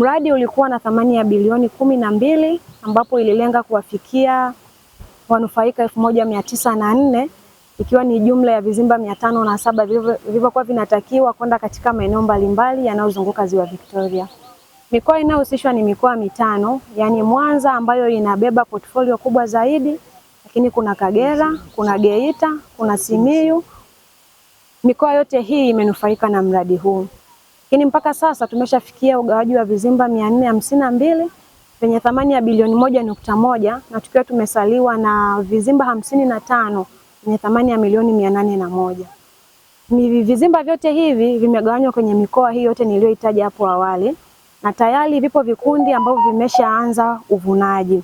Mradi ulikuwa na thamani ya bilioni kumi na mbili ambapo ililenga kuwafikia wanufaika elfu moja mia tisa na nne ikiwa ni jumla ya vizimba mia tano na saba vilivyokuwa vinatakiwa kwenda katika maeneo mbalimbali yanayozunguka ziwa Victoria. Mikoa inayohusishwa ni mikoa mitano, yaani Mwanza ambayo inabeba portfolio kubwa zaidi, lakini kuna Kagera, kuna Geita, kuna Simiyu. Mikoa yote hii imenufaika na mradi huu. Lakini mpaka sasa tumeshafikia ugawaji wa vizimba mia nne hamsini na mbili vyenye thamani ya bilioni moja nukta moja na tukiwa tumesaliwa na vizimba hamsini na tano vyenye thamani ya milioni mia nane na moja. Ni vizimba vyote hivi vimegawanywa kwenye mikoa hii yote niliyoitaja hapo awali na tayari vipo vikundi ambavyo vimeshaanza uvunaji.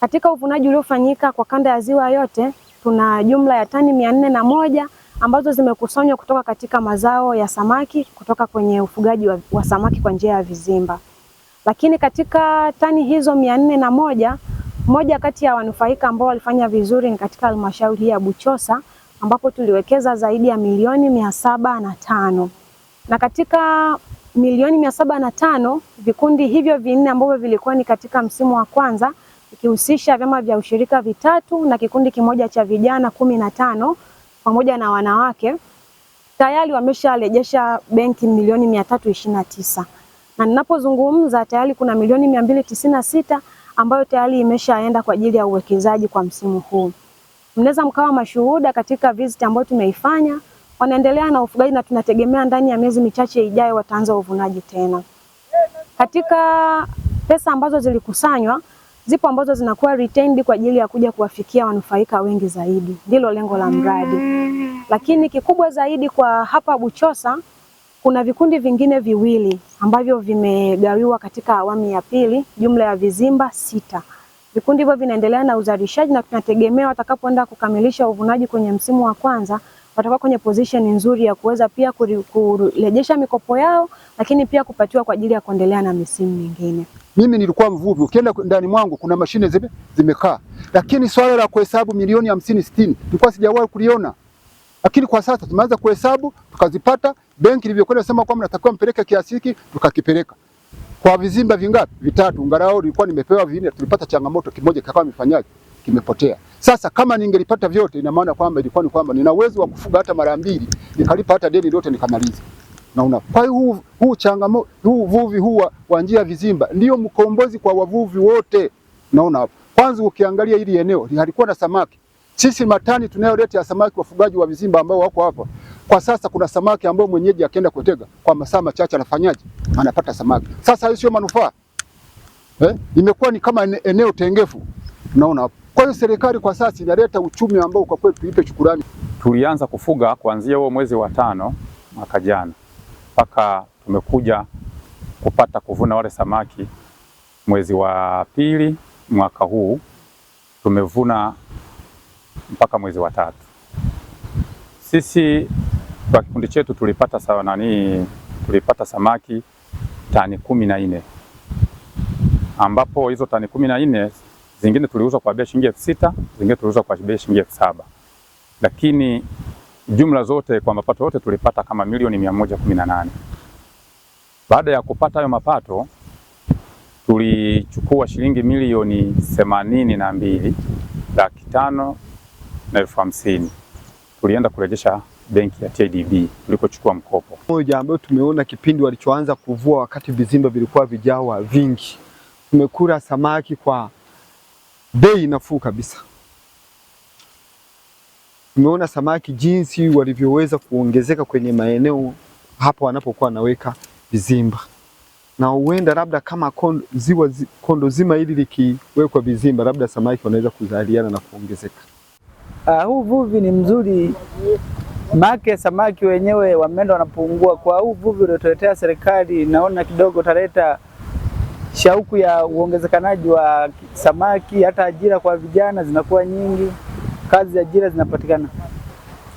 Katika uvunaji uliofanyika kwa kanda ya ziwa yote tuna jumla ya tani mia nne na moja ambazo zimekusanywa kutoka katika mazao ya samaki kutoka kwenye ufugaji wa, wa samaki kwa njia ya vizimba. Lakini katika tani hizo mia nne na moja, moja kati ya wanufaika ambao walifanya vizuri ni katika halmashauri ya Buchosa ambapo tuliwekeza zaidi ya milioni mia saba na tano na katika milioni mia saba na tano vikundi hivyo vinne ambavyo vilikuwa ni katika msimu wa kwanza ikihusisha vyama vya ushirika vitatu na kikundi kimoja cha vijana kumi na tano pamoja na wanawake tayari wamesharejesha benki milioni mia tatu ishirini na tisa na ninapozungumza tayari kuna milioni mia mbili tisini na sita ambayo tayari imeshaenda kwa ajili ya uwekezaji kwa msimu huu. Mnaweza mkawa mashuhuda katika visit ambayo tumeifanya, wanaendelea na ufugaji na tunategemea ndani ya miezi michache ijayo wataanza uvunaji tena. Katika pesa ambazo zilikusanywa zipo ambazo zinakuwa retained kwa ajili ya kuja kuwafikia wanufaika wengi zaidi, ndilo lengo la mradi. Lakini kikubwa zaidi kwa hapa Buchosa kuna vikundi vingine viwili ambavyo vimegawiwa katika awamu ya pili, jumla ya vizimba sita. Vikundi hivyo vinaendelea na uzalishaji na tunategemea watakapoenda kukamilisha uvunaji kwenye msimu wa kwanza watakuwa kwenye position nzuri ya kuweza pia kurejesha mikopo yao, lakini pia kupatiwa kwa ajili ya kuendelea na misimu mingine. Mimi nilikuwa mvuvi, ukienda ndani mwangu kuna mashine zime, zimekaa, lakini swala la kuhesabu milioni hamsini sitini nilikuwa sijawahi kuliona, lakini kwa sasa tumeanza kuhesabu tukazipata. Benki ilivyokwenda sema kwamba natakiwa mpeleke kiasi hiki, tukakipeleka kwa vizimba vingapi? Vitatu. Ngarao nilikuwa nimepewa vinne, tulipata changamoto kimoja kikawa mifanyaji kimepotea. Sasa kama ningelipata vyote, ina maana kwamba ilikuwa ni kwamba nina uwezo wa kufuga hata mara mbili, nikalipa hata deni lote nikamaliza. Naona kwa hiyo huu, huu changamo huu uvuvi huu wa njia vizimba ndio mkombozi kwa wavuvi wote. Naona hapo kwanza, ukiangalia hili eneo halikuwa na samaki. Sisi matani tunayoleta ya samaki, wafugaji wa vizimba ambao wako hapa kwa sasa, kuna samaki ambao mwenyeji akienda kutega kwa masaa machache anafanyaje? Anapata samaki. Sasa hiyo sio manufaa eh? Imekuwa ni kama eneo tengefu, naona hapo. Kwa hiyo serikali kwa sasa inaleta uchumi ambao kwa kweli tuipe shukurani. Tulianza kufuga kuanzia huo mwezi wa tano mwaka jana mpaka tumekuja kupata kuvuna wale samaki mwezi wa pili mwaka huu, tumevuna mpaka mwezi wa tatu. Sisi kwa kikundi chetu tulipata sawa nani, tulipata samaki tani kumi na nne ambapo hizo tani kumi na nne zingine tuliuza kwa bei shilingi elfu sita zingine tuliuza kwa bei shilingi elfu saba lakini jumla zote kwa mapato yote tulipata kama milioni mia moja kumi na nane. Baada ya kupata hayo mapato tulichukua shilingi milioni themanini na mbili laki tano na elfu hamsini tulienda kurejesha benki ya TDB tulikochukua mkopo. Moja ambayo tumeona kipindi walichoanza kuvua, wakati vizimba vilikuwa vijawa vingi, tumekula samaki kwa bei nafuu kabisa. Tumeona samaki jinsi walivyoweza kuongezeka kwenye maeneo hapa wanapokuwa wanaweka vizimba, na huenda labda kama kondo, ziwa zi, kondo zima hili likiwekwa vizimba, labda samaki wanaweza kuzaliana na kuongezeka. Uh, huu vuvi ni mzuri make samaki wenyewe wameenda wanapungua. Kwa huu vuvi uliotuletea serikali, naona kidogo utaleta shauku ya uongezekanaji wa samaki, hata ajira kwa vijana zinakuwa nyingi, kazi za ajira zinapatikana.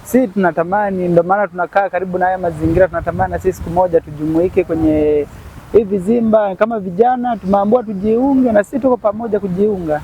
Si tunatamani, ndio maana tunakaa karibu na haya mazingira, tunatamani na sisi siku moja tujumuike kwenye hivi zimba kama vijana, tumeambiwa tujiunge, na sisi tuko pamoja kujiunga.